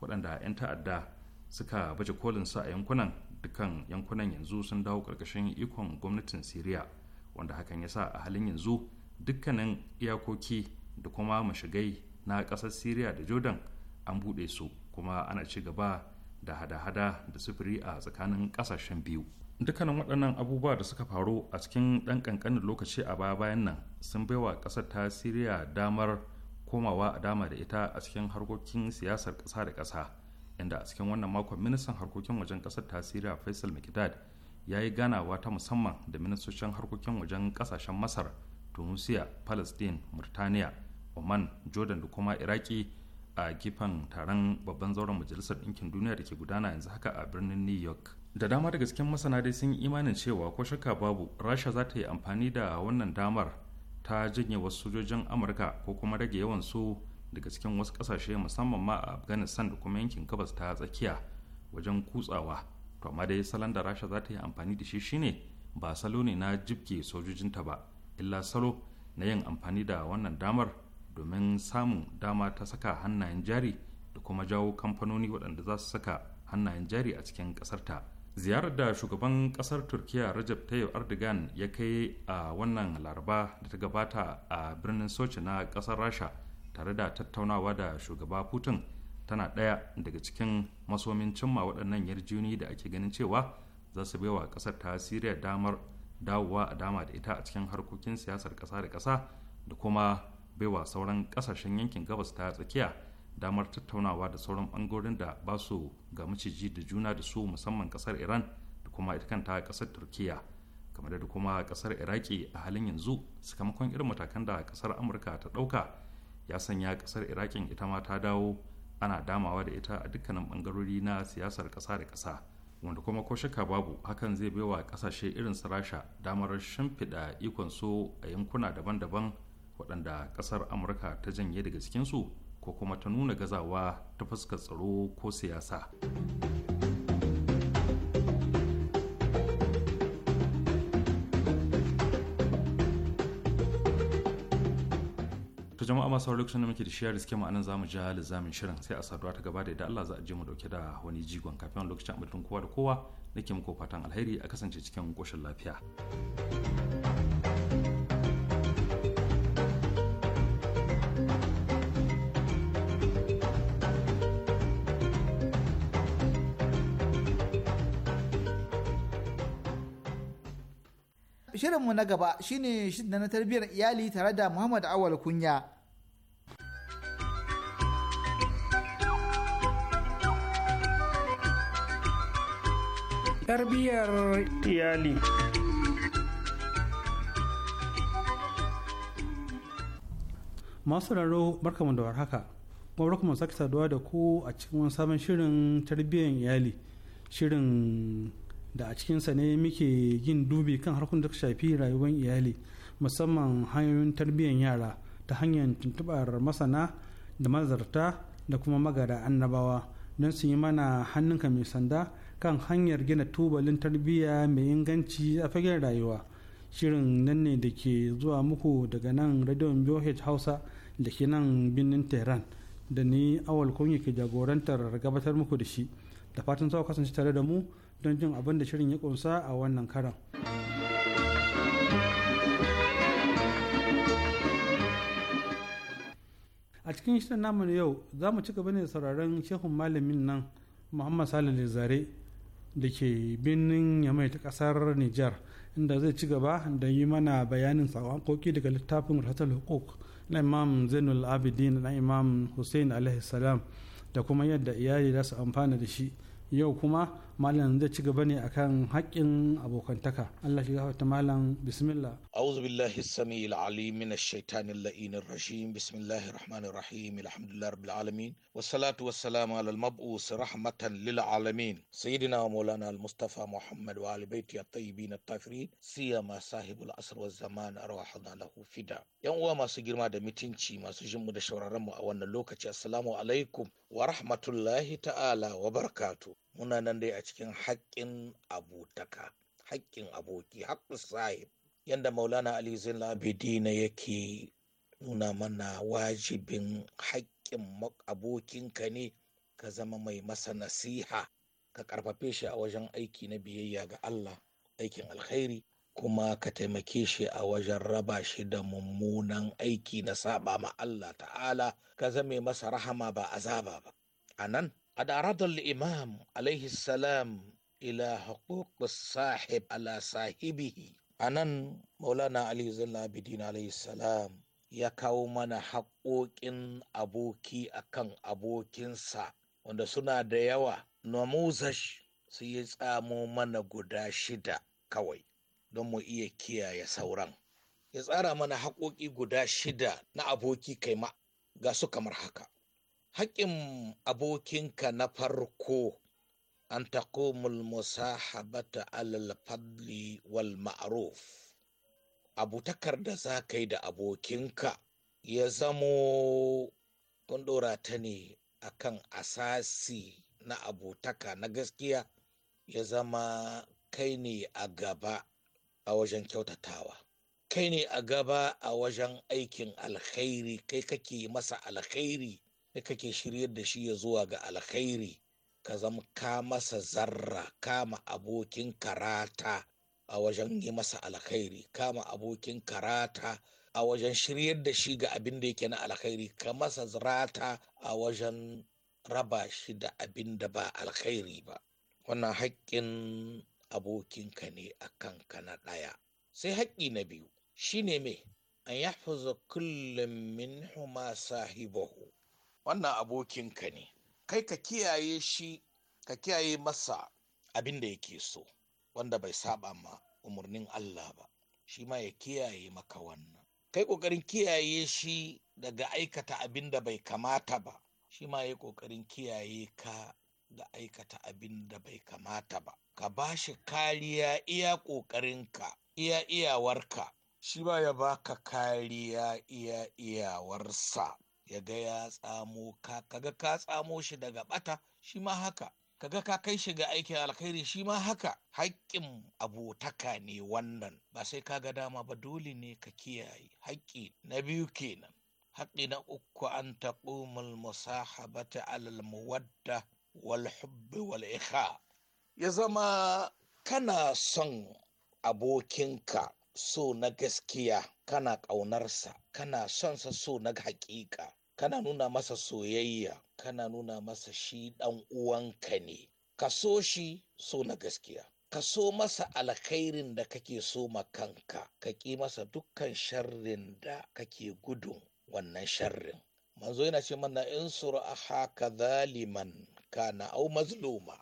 waɗanda 'yan ta'adda suka baje kolin su a yankunan dukkan yankunan yanzu sun dawo karkashin ikon gwamnatin syria wanda hakan ya sa a halin yanzu dukkanin iyakoki da kuma mashigai na ƙasar syria da jordan an buɗe su kuma ana ci gaba da hada-hada da sufuri a tsakanin ƙasashen biyu dukkanin waɗannan abubuwa da suka faru a cikin ɗan ƙanƙanin lokaci a baya bayan nan sun bai wa ƙasar ta siriya damar komawa a dama da ita a cikin harkokin siyasar ƙasa da ƙasa inda a cikin wannan makon ministan harkokin wajen ƙasar ta siriya faisal mikdad ya yi ganawa ta musamman da ministocin harkokin wajen ƙasashen masar tunisia palestine murtaniya oman jordan da kuma iraki a gefen taron babban zauren majalisar ɗinkin duniya da ke gudana yanzu haka a birnin new york da dama daga cikin masana dai sun imanin cewa ko shakka babu rasha za ta yi amfani da wannan damar ta janye wasu sojojin amurka ko kuma rage yawan su daga cikin wasu kasashe musamman ma a afghanistan da kuma yankin gabas ta tsakiya wajen kutsawa to amma dai salon da rasha za ta yi amfani da shi shine ba salo ne na jibge sojojinta ba illa salo na yin amfani da wannan damar domin samun dama ta saka hannayen jari da kuma jawo kamfanoni waɗanda za su saka hannayen jari a cikin ƙasarta. ziyarar da shugaban ƙasar turkiya rajab tayyip erdogan ya kai a wannan laraba da ta gabata a birnin sochi na ƙasar rasha tare da tattaunawa da shugaba putin tana ɗaya daga cikin masomin cimma waɗannan yarjuni da ake ganin cewa za su baiwa ƙasar ta siriya damar dawowa a dama da ita a cikin harkokin siyasar ƙasa da ƙasa da kuma baiwa sauran kasashen yankin gabas ta tsakiya damar tattaunawa da sauran bangorin da ba su ga maciji da juna da su musamman kasar iran da kuma ita kanta kasar turkiya kamar da kuma kasar iraki a halin yanzu sakamakon irin matakan da kasar amurka ta dauka ya sanya kasar irakin ita ma ta dawo ana damawa da ita a dukkanin bangarori na siyasar kasa da kasa wanda kuma ko shakka babu hakan zai baiwa kasashe irin su rasha damar shimfiɗa ikon su a yankuna daban-daban waɗanda ƙasar amurka ta janye daga cikinsu ko kuma ta nuna gazawa ta fuskar tsaro ko siyasa ta jama'a masu sauraro lokacin da muke da shi da suke zamu ja lizamin shirin sai a saduwa ta gaba da yadda Allah za a je mu dauke da wani jigon kafin lokacin abin kowa da kowa nake muku fatan alheri a kasance cikin koshin lafiya. shirinmu na gaba shine shirin na tarbiyyar iyali tare da Muhammad Awal Kunya. Tarbiyyar iyali. Masu raro barkamu da warhaka. Kuma barkamu sake saduwa da ku a cikin wani sabon shirin tarbiyyar iyali. Shirin da a cikinsa ne muke yin dubi kan harkun da shafi rayuwar iyali musamman hanyoyin tarbiyyar yara ta hanyar tuntubar masana da mazarta da kuma magada annabawa don su yi mana hannunka mai sanda kan hanyar gina tubalin tarbiyya mai inganci a fagen rayuwa shirin nan ne da ke zuwa muku daga nan radion BOH hausa da ke nan birnin tehran da ni awal kunya ke jagorantar gabatar muku da shi da fatan za kasance tare da mu don jin abin da shirin ya kunsa a wannan karan. a cikin shirin namun yau za mu ci gaba ne sauraron shehun malamin nan muhammad salih zare da ke birnin yamai ta kasar niger inda zai ci gaba da yi mana bayanin sawan koki daga littafin rahatar hukuk na imam zainul abidin na imam hussein alaihi salam da kuma yadda iyali za su amfana da shi yau kuma malam zai ci gaba ne akan haƙƙin abokantaka Allah shi gafarta malam bismillah a'udhu billahi samii alim min ash-shaytanir la'inir rajim bismillahir rahmanir rahim alhamdulillahi rabbil alamin wassalatu wassalamu ala al-mab'us rahmatan lil alamin sayyidina wa maulana al-mustafa muhammad wa ali baiti at-tayyibin at-tafirin siyama sahibul asr wa zaman arwahana lahu fida yan uwa masu girma da mitinci masu jinmu da mu a wannan lokaci assalamu alaikum wa rahmatullahi ta'ala wa barkatu muna nan dai a cikin haƙƙin abotaka haƙƙin aboki haƙƙin sahib yadda maulana ali zain labidina yake nuna mana wajibin haƙƙin abokinka ne ka zama mai masa nasiha ka ƙarfafe shi a wajen aiki na biyayya ga allah aikin alkhairi kuma ka taimake shi a wajen raba shi da mummunan aiki na saba ma Allah ta'ala ka zame masa rahama ba azaba ba a nan a da imam alaihi salam ila haƙoƙi sahib ala sahibihi a nan maulana ali zalla abidin alaihi salam ya kawo mana haƙoƙin aboki a kan abokinsa wanda suna da yawa namuzash sai ya tsamo mana guda shida kawai don mu iya kiyaye sauran ya tsara mana haƙoƙi guda shida na aboki kaima ga su kamar haka haƙƙin abokinka na farko an taqumul musahabata alal fadli wal ma'ruf abutakar da za ka yi da abokinka ya zamo kun ɗora ta ne kan asasi na abotaka na gaskiya ya zama kai ne a gaba a wajen kyautatawa kai ne a gaba a wajen aikin alkhairi kai kake masa alkhairi kai kake shiryar da shi ya zuwa ga alkhairi ka zama ka masa zarra kama abokin karata a wajen yi masa alkhairi kama abokin karata a wajen shiryar da shi ga abin da yake na alkhairi ka masa zarata a wajen raba shi da abin da ba alkhairi ba wannan haƙƙin abokinka ne a kanka na ɗaya sai haƙƙi na biyu Shi ne me an yahfaza kullum min huma sahibahu wannan abokinka ne kai ka kiyaye shi ka kiyaye masa abin da yake so wanda bai saba ma umarnin Allah ba shi ma ya kiyaye maka wannan kai kokarin kiyaye shi daga aikata abin da bai kamata ba shi ma ya kokarin kiyaye ka da aikata abin da bai kamata ba ka ba shi kariya iya ƙoƙarinka iya iyawarka shi ba ya baka kariya iya iyawarsa ya ga ya tsamo ka kaga ka tsamo shi daga ɓata. shi ma haka kaga ka kai shi ga aikin alkhairi shi ma haka haƙƙin abotaka ne wannan ba sai ka ga dama ba dole ne ka kiyaye haƙƙi na biyu kenan haƙƙi na uku an taɓumul musahabata alal muwadda walhubbi wal’iha ya zama kana son abokinka so na gaskiya kana ƙaunarsa kana sonsa so na hakika. kana nuna masa soyayya kana nuna masa shi ɗan uwanka ne ka so shi so na gaskiya ka so masa alkhairin da kake so ma kanka ka ƙi masa dukkan sharrin da kake gudun wannan sharrin manzo yana ce mana in sura haka zaliman kana au mazluma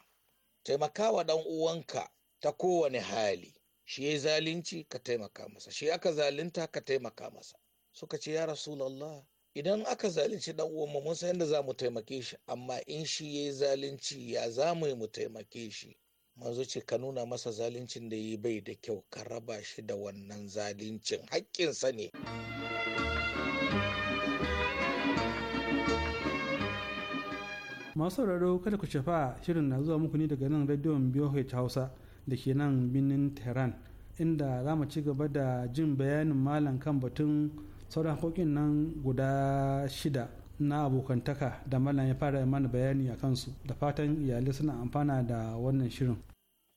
taimakawa dan uwanka ta kowane hali shi ya zalunci ka taimaka masa shi aka zalunta ka taimaka masa suka ce ya rasulallah idan aka zalunci dan uwanmu mun san yadda za mu taimake shi amma in shi ya zalunci ya za mu yi mu taimake shi manzo ce ka nuna masa zaluncin da yi bai da kyau ka raba shi da wannan zaluncin haƙƙinsa ne masu sauraro kada ku shafa shirin na zuwa muku ne daga nan rediyon BOH Hausa da ke nan birnin Tehran inda za mu ci gaba da jin bayanin malam kan batun sauran hakokin nan guda shida na abokantaka da malam ya fara mana bayani a kansu da fatan iyalai suna amfana da wannan shirin.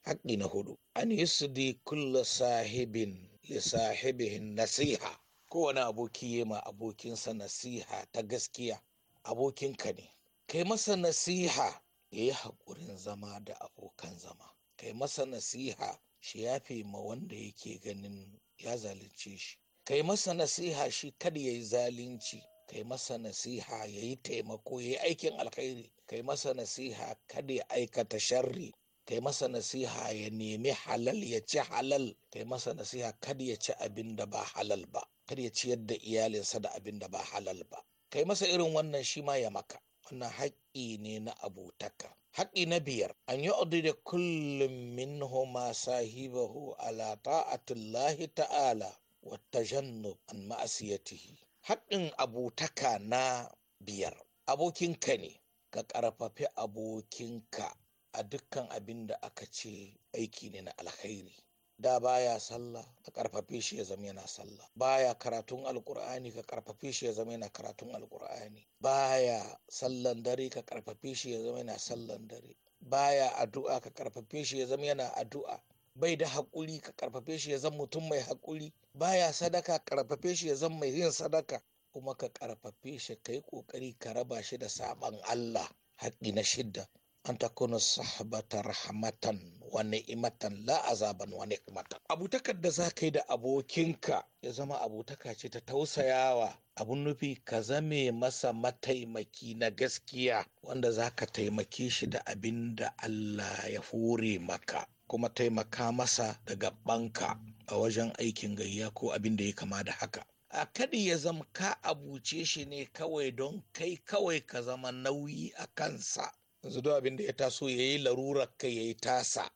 Haƙƙi na hudu, an yi su di kulla sahibin li sahibihin nasiha. Kowane aboki ya ma abokinsa nasiha ta gaskiya, abokinka ne. kai masa nasiha ya yi haƙurin zama da abokan zama kai masa nasiha shi yafe ma wanda yake ganin ya zalunce shi kai masa nasiha shi kada ya yi zalunci kai masa nasiha ya yi taimako ya yi aikin alkhairi kai masa nasiha kada ya aikata sharri kai masa nasiha ya nemi halal ya ci halal kai masa nasiha kada ya ci abin da ba halal ba kada ya ciyar da iyalinsa da abin da ba halal ba kai masa irin wannan shi ma ya maka Wani haƙƙi ne na abotaka. haƙƙi na biyar an yi da kullum min homa sahibahu ala ta'atullahi ta'ala wa tajannub an ma'asiyatihi haƙƙin abotaka na biyar abokinka ne ka ƙarfafi abokinka a dukkan abin da aka ce aiki ne na alkhairi da baya sallah ka karfafe shi ya zama yana sallah baya karatun alkur'ani ka karfafe shi ya zama yana karatun alkur'ani baya sallan dare ka karfafe shi ya zama yana sallan dare baya addu'a ka karfafe shi ya zama yana addu'a bai da haƙuri ka karfafe shi ya zama mutum mai hakuri baya sadaka karfafe shi ya zama mai yin sadaka kuma ka karfafe shi kai kokari ka raba shi da sabon Allah haƙi na shidda an takuna sahabata rahmatan wa ni'matan la azaban wa ni'matan abutakar da za ka yi da abokinka ya zama abutaka ce ta tausayawa abun nufi ka zame masa mataimaki na gaskiya wanda za ka taimake shi da abin da Allah ya fure maka kuma taimaka masa daga banka. a wajen aikin gayya ko abin da ya kama da haka a kadi ya zama ka abuce shi ne kawai don kai kawai ka zama nauyi a kansa yanzu duk abin da ya taso ya yi larurar ka ya yi tasa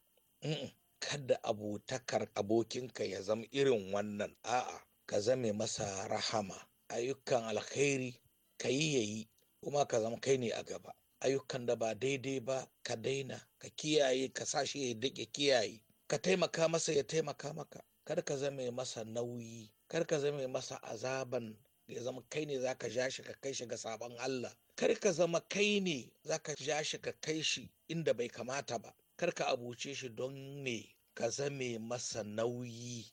kada abotakar abokinka ya zama irin wannan a'a ka zame masa rahama ayyukan alkhairi ka yi ya yi kuma ka zama kai ne a gaba ayyukan da ba daidai ba ka daina ka kiyaye ka sa shi ya dake kiyaye ka taimaka masa ya taimaka maka kar ka zame masa nauyi kar ka zame masa azaban ya zama kai ne za ka ja shi ka kai shi ga sabon Allah kar ka zama kai ne za ka ja shi ka kai shi inda bai kamata ba kar ka abuce shi don me ka zame masa nauyi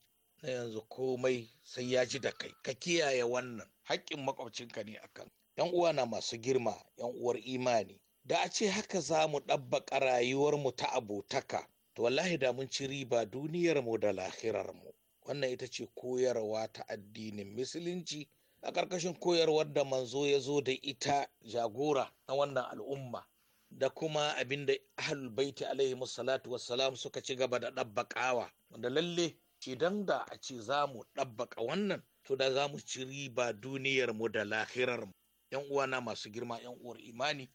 na yanzu komai sai ya ji da kai ka kiyaye wannan haƙƙin makwabcinka ne akan yan uwa na masu girma yan uwar imani da a ce haka za mu ɗabbaƙa rayuwarmu ta abotaka to wallahi da mun ci riba duniyarmu da lahirarmu wannan ita ce koyarwa ta addinin musulunci a ƙarƙashin koyarwar da manzo ya zo da ita jagora na wannan al'umma da kuma abin da ahlul baiti alaihi salatu wassalam suka ci gaba da ɗabbaƙawa wanda lalle idan da a ce za mu ɗabbaƙa wannan to da za mu ci riba duniyar mu da lahirar mu yan uwana masu girma yan uwar imani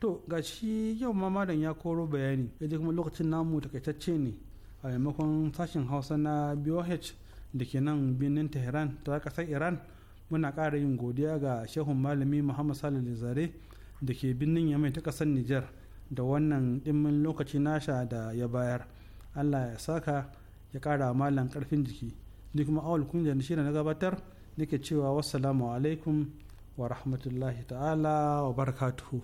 to ga shi yau ma malam ya koro bayani yaje kuma lokacin namu takaitacce ne a maimakon sashen hausa na boh da ke nan birnin tehran ta kasar iran muna ƙara yin godiya ga shehun malami muhammad salihu zare da ke birnin yamai ta ƙasar nijar da wannan ɗimin lokaci nasha da ya bayar allah ya saka ya ƙara malam karfin jiki ni kuma awal kunjan shi na gabatar nake cewa wassalamu alaikum wa rahmatullahi ta'ala wa barakatuhu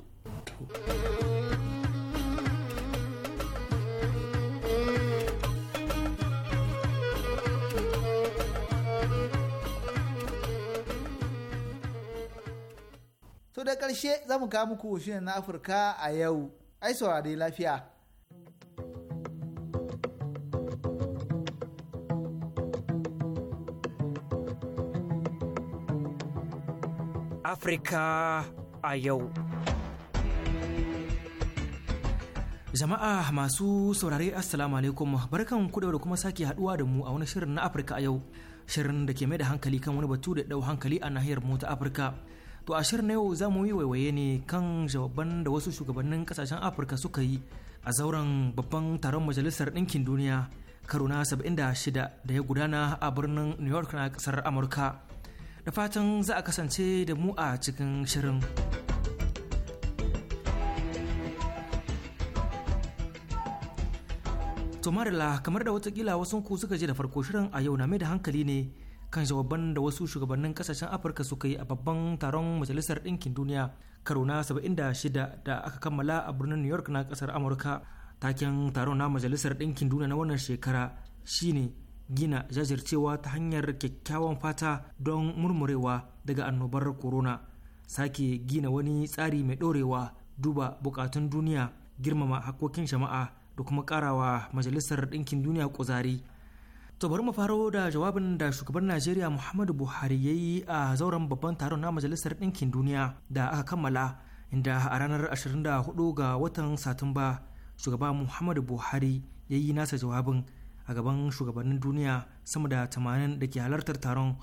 ƙarshe za mu kawo muku shirin na Afirka a yau. Ai saurari lafiya. Afirka a yau. Jama'a masu saurare Assalamu alaikum barkan ku da kuma sake haduwa da mu a wani shirin na Afirka a yau. Shirin da ke mai da hankali kan wani batu da ɗau hankali a nahiyar mu ta Afirka. To a shirin yau za mu yi waiwaye ne kan jawaban da wasu shugabannin kasashen Afirka suka yi a zauren babban taron majalisar ɗinkin duniya karo na 76 da ya gudana a birnin New York na ƙasar Amurka. Da fatan za a kasance da mu a cikin shirin. Tomarila kamar da watakila wasu ku suka je da farko shirin a yau na mai da hankali ne kan shugaban da wasu shugabannin kasashen afirka suka yi a babban taron majalisar ɗinkin duniya karo na 76 da aka kammala a birnin new york na kasar amurka taken taron na majalisar ɗinkin duniya na wannan shekara shine gina jajircewa ta hanyar kyakkyawan fata don murmurewa daga annobar corona sake gina wani tsari mai ɗorewa duba bukatun duniya girmama hakkokin jama'a da kuma ƙarawa majalisar ɗinkin duniya kuzari To bari mu faro da jawabin da shugaban Najeriya Muhammadu Buhari ya yi a zauren babban taron na Majalisar Ɗinkin Duniya da aka kammala inda a ranar 24 ga watan Satumba shugaba Muhammadu Buhari ya yi nasa jawabin a gaban shugabannin duniya sama da tamanin da ke halartar taron.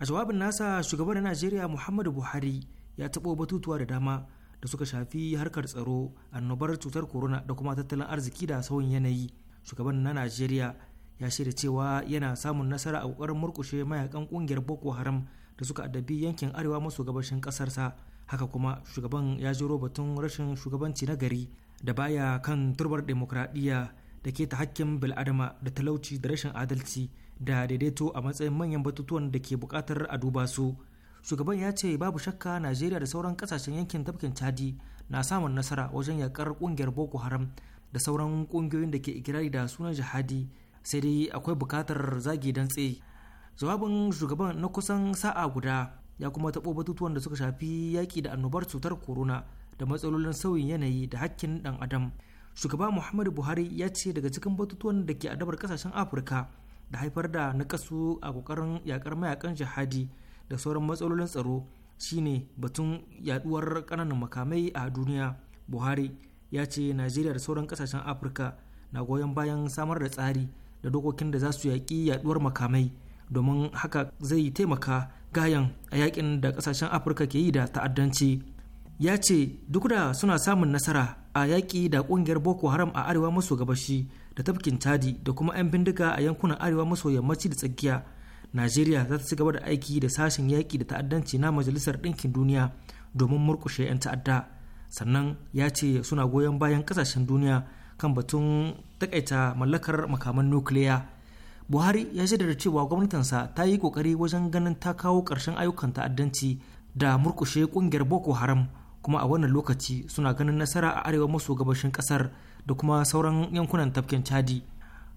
A jawabin nasa shugaban na Najeriya Muhammadu Buhari ya taɓo batutuwa da dama da suka shafi harkar tsaro annobar cutar corona da kuma tattalin arziki da sauyin yanayi. Shugaban na Najeriya ya shirya cewa yana samun nasara a ƙoƙarin murƙushe mayakan ƙungiyar boko haram da suka addabi yankin arewa maso gabashin ƙasarsa haka kuma shugaban ya jiro batun rashin shugabanci na gari da baya kan turbar demokradiyya da ke ta hakkin bil'adama da talauci da rashin adalci da daidaito a matsayin manyan batutuwan da ke bukatar a duba su shugaban ya ce babu shakka najeriya da sauran kasashen yankin tafkin chadi na samun nasara wajen yakar kungiyar boko haram da sauran kungiyoyin da ke ikirari da sunan jihadi sai dai akwai bukatar zagi don tsaye jawabin shugaban na kusan sa'a guda ya kuma taɓo batutuwan da suka shafi yaƙi da annobar cutar corona da matsalolin sauyin yanayi da hakkin ɗan adam shugaba muhammadu buhari ya ce daga cikin batutuwan da ke adabar kasashen afirka da haifar da nakasu a kokarin yakar mayakan jihadi da sauran matsalolin tsaro shine batun yaduwar ƙananan makamai a duniya buhari ya ce najeriya da sauran kasashen afirka na goyon bayan samar da tsari da dokokin da za su yaƙi yaɗuwar makamai domin haka zai taimaka gayan a yakin da ƙasashen afirka ke yi da ta'addanci ya ce duk da suna samun nasara a yaƙi da ƙungiyar boko haram a arewa maso gabashi da tafkin chadi da kuma 'yan bindiga a yankunan arewa maso yammaci da tsakiya najeriya za ta ci gaba da aiki da sashen yaƙi da ta'addanci na majalisar ɗinkin duniya domin murƙushe 'yan ta'adda sannan ya ce suna goyon bayan ƙasashen duniya kan batun takaita mallakar makaman nukiliya buhari ya da cewa gwamnatinsa ta yi kokari wajen ganin ta kawo ƙarshen ayyukan ta'addanci da murkushe ƙungiyar boko haram kuma a wannan lokaci suna ganin nasara a arewa maso gabashin ƙasar da kuma sauran yankunan tafkin chadi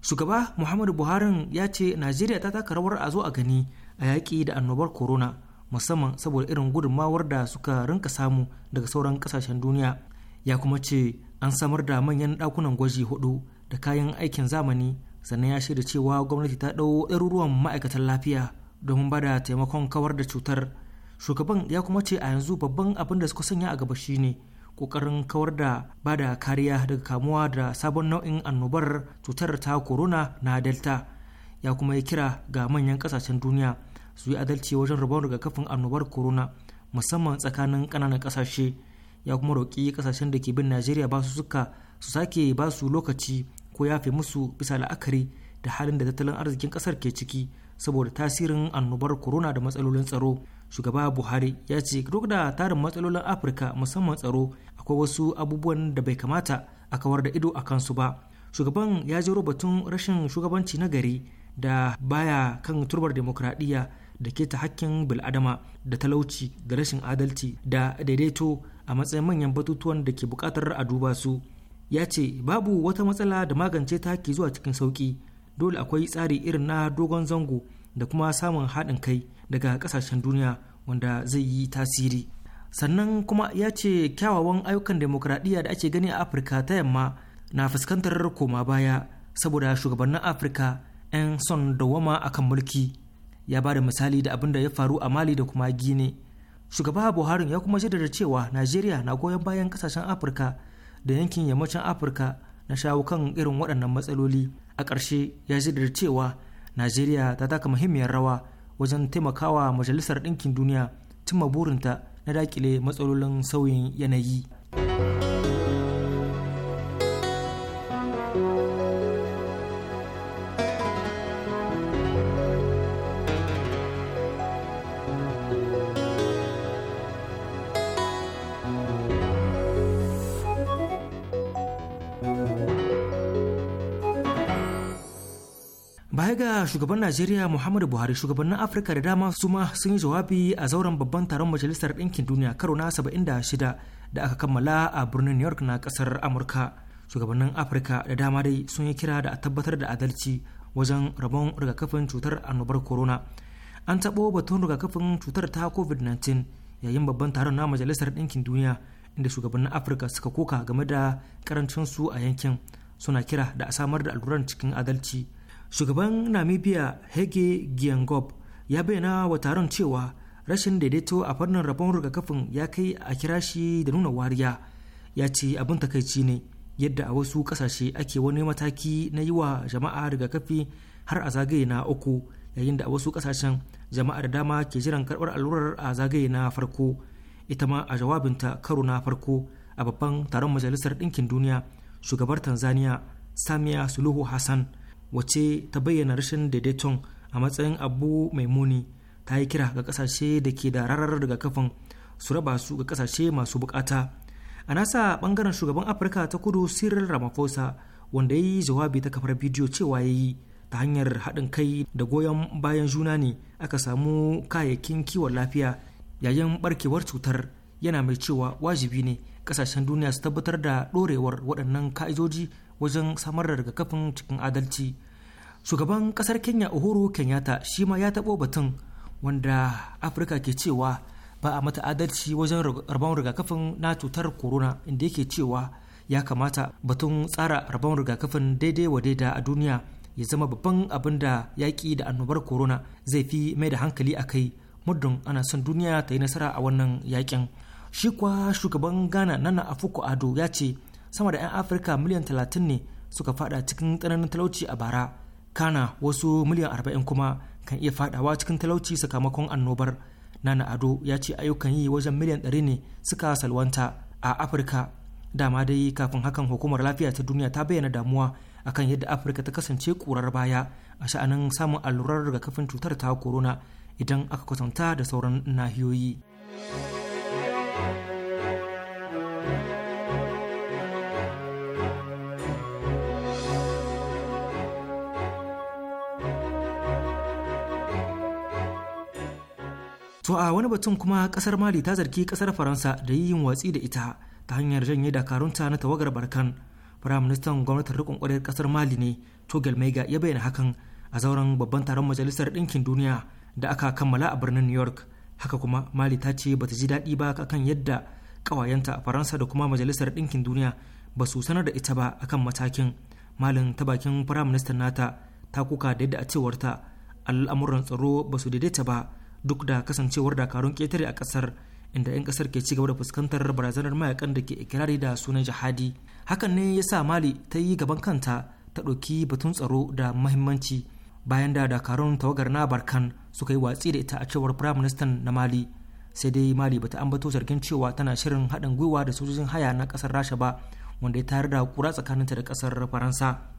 shugaba muhammadu buhari ya ce najeriya ta taka rawar a zo a gani a yaƙi da annobar corona musamman saboda irin gudunmawar da suka rinka samu daga sauran ƙasashen duniya ya kuma ce an samar da manyan ɗakunan gwaji hudu da kayan aikin zamani sannan ya shaida cewa gwamnati ta ɗau ɗaruruwan ma'aikatan lafiya domin bada taimakon kawar da cutar shugaban ya kuma ce a yanzu babban abin da suka sanya a gaba shine kokarin kawar da bada kariya daga kamuwa da sabon nau'in annobar cutar ta corona na delta ya kuma yi kira ga manyan kasashen duniya su yi adalci wajen rabon rigakafin annobar corona musamman tsakanin ƙananan ƙasashe ya kuma roƙi kasashen da ke bin najeriya ba su suka su sake ba su lokaci ko yafe musu bisa la'akari da halin da tattalin arzikin ƙasar ke ciki saboda tasirin annobar corona da matsalolin tsaro shugaba buhari ya ce duk da tarin matsalolin afirka musamman tsaro akwai wasu abubuwan da bai kamata a kawar da ido a kansu ba shugaban ya jero batun rashin shugabanci na gari da baya kan turbar demokradiyya da ke ta hakkin biladama da talauci da rashin adalci da daidaito a matsayin manyan batutuwan da ke bukatar a duba su ya ce babu wata matsala da magance ta ke zuwa cikin sauki dole akwai tsari irin na dogon zango da kuma samun haɗin kai daga ƙasashen duniya wanda zai yi tasiri sannan kuma ya ce kyawawan ayyukan demokradiyya da ake gani a afirka ta yamma na fuskantar koma baya saboda shugabannin afirka 'yan son dawama akan mulki ya ba da misali da abin da ya faru a mali da kuma gine shugaba buharin ya kuma jaddada cewa najeriya na goyon bayan kasashen afirka da yankin yammacin afirka na shawo kan irin waɗannan matsaloli a ƙarshe ya jaddada cewa najeriya ta taka muhimmiyar rawa wajen taimakawa majalisar ɗinkin duniya cimma burinta na dakile matsalolin sauyin yanayi. shugaban Najeriya Muhammadu Buhari shugabannin Afirka da dama su ma sun yi jawabi a zauren babban taron Majalisar Ɗinkin Duniya karo na 76 da aka kammala a birnin New York na ƙasar Amurka. Shugabannin Afirka da dama dai sun yi kira da a tabbatar da adalci wajen rabon rigakafin cutar annobar corona. An taɓo batun rigakafin cutar ta COVID-19 yayin babban taron na Majalisar Ɗinkin Duniya inda shugabannin Afirka suka koka game da karancin su a yankin suna kira da a samar da alluran cikin adalci. shugaban namibia hege giyangob ya bayyana wa taron cewa rashin daidaito a fannin rabon rigakafin ya kai a kira shi da nuna wariya ya ce abin takaici ne yadda a wasu kasashe ake wani mataki na yi wa jama'a rigakafi har a zagaye na uku yayin da a wasu kasashen jama'a da dama ke jiran karbar allurar a zagaye na farko ita ma a jawabinta karo na farko a babban taron majalisar ɗinkin duniya shugabar tanzania samia suluhu hassan wace ta bayyana rashin daidaiton a matsayin abu mai muni ta yi kira ga kasashe da ke da rarar daga rigakafin su raba su ga kasashe masu bukata a nasa bangaren shugaban afirka ta kudu cyril ramaphosa wanda ya yi jawabi ta kafar bidiyo cewa ya yi ta hanyar haɗin kai da goyon bayan juna ne aka samu kayayyakin kiwon lafiya yayin barkewar cutar yana mai cewa wajibi ne kasashen duniya su tabbatar da ɗorewar waɗannan ka'idoji wajen samar da rigakafin cikin adalci shugaban kasar kenya uhuru kenyatta shi ma ya taɓo batun wanda afirka ke cewa ba a mata adalci wajen rabon rigakafin na cutar corona inda yake cewa ya kamata batun tsara rabon rigakafin daidai wa daida a duniya ya zama babban abin da yaƙi da annobar corona zai fi mai da hankali a kai muddin ana son duniya ta yi nasara a wannan yaƙin shi kuwa shugaban ghana nana afuku ado ya ce sama da 'yan afirka miliyan 30 ne suka fada cikin tsananin talauci a bara kana wasu miliyan 40 kuma kan iya fadawa cikin talauci sakamakon annobar nana ado ya ce ayyukan yi wajen miliyan 100 ne suka salwanta a afirka dama dai kafin hakan hukumar lafiya ta duniya ta bayyana damuwa akan yadda afirka ta kasance kurar baya a sha'anin samun allurar rigakafin cutar ta corona idan aka kwatanta da sauran nahiyoyi. to a wani batun kuma kasar mali ta zargi kasar faransa da yin watsi da ita ta hanyar janye dakarunta na tawagar barkan firaministan gwamnatin rikon kwarar kasar mali ne togel Mega ya bayyana hakan a zauren babban taron majalisar ɗinkin duniya da aka kammala a birnin new york haka kuma mali ta ce bata ji daɗi ba kan yadda kawayenta a faransa da kuma majalisar ɗinkin duniya ba su sanar da ita ba akan matakin malin ta bakin firaministan nata ta kuka da yadda a cewarta al'amuran tsaro ba su daidaita ba duk da kasancewar dakarun ketare a kasar inda 'yan kasar ke cigaba da fuskantar barazanar mayakan da ke ikirari da sunan jihadi hakan ne ya sa mali ta yi gaban kanta ta ɗauki batun tsaro da mahimmanci bayan da dakarun tawagar na barkan suka yi watsi da ita a cewar minister na mali sai dai mali bata ambato zargin cewa tana shirin haɗin gwiwa da sojojin haya na kasar rasha ba wanda ya tayar da kura tsakaninta da ƙasar faransa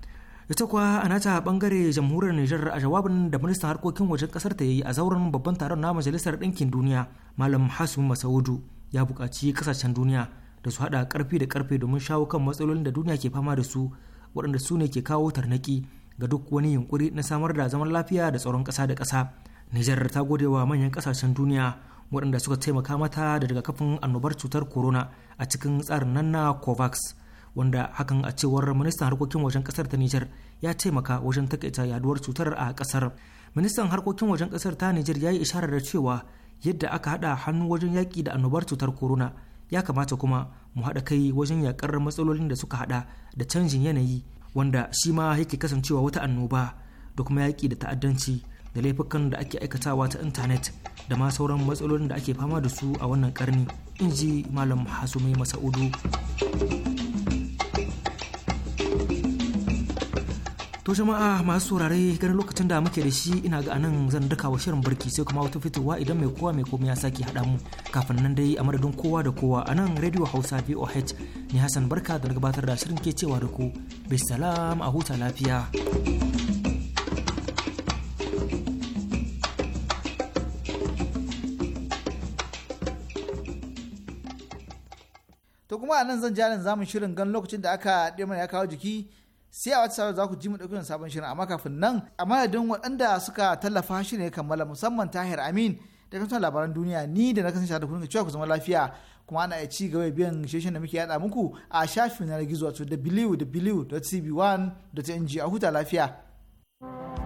ita kuwa a nata bangare jamhuriyar Nijar a jawabin da ministan harkokin wajen kasar ta yi a zauren babban taron na majalisar ɗinkin duniya malam hasu Masaudu ya bukaci kasashen duniya da su haɗa ƙarfi da ƙarfe domin shawo kan matsalolin da duniya ke fama da su waɗanda su ne ke kawo tarnaki ga duk wani yunkuri na samar da zaman lafiya da tsaron ƙasa da kasa Nijar ta gode wa manyan kasashen duniya waɗanda suka taimaka mata da daga kafin annobar cutar corona a cikin tsarin nan na COVAX. wanda hakan a cewar ministan harkokin wajen kasar ta Nijar ya taimaka wajen takaita yaduwar cutar a kasar. Ministan harkokin wajen kasar ta Nijar ya yi isharar da cewa yadda aka haɗa hannu wajen yaƙi da annobar cutar corona ya kamata kuma mu haɗa kai wajen yaƙar matsalolin da suka haɗa da canjin yanayi wanda shi ma yake kasancewa wata annoba da kuma yaƙi da ta'addanci da laifukan da ake aikatawa ta intanet da ma sauran matsalolin da ake fama da su a wannan karni in ji malam hasumi masa'udu. To jama'a masu saurare ganin lokacin da muke da shi ina ga anan zan daka wa shirin barki sai kuma wata fitowa idan mai kowa mai komai ya sake haɗa mu kafin nan dai a madadin kowa da kowa a nan Radio Hausa VOH ni Hassan Barka da gabatar da shirin ke cewa da ku bisalam a huta lafiya. to kuma anan zan jalin zamu shirin gan lokacin da aka ɗaya ya kawo jiki sai a wata sabar za ku ji mu ɗauki sabon shirin amma kafin nan a madadin waɗanda suka tallafa shi ne kammala musamman tahir amin da kan labaran duniya ni da na kasance da cewa ku zama lafiya kuma ana iya ci gaba biyan sheshen da muke yada muku a shafin na gizo wato wwwtv 1ng a huta lafiya.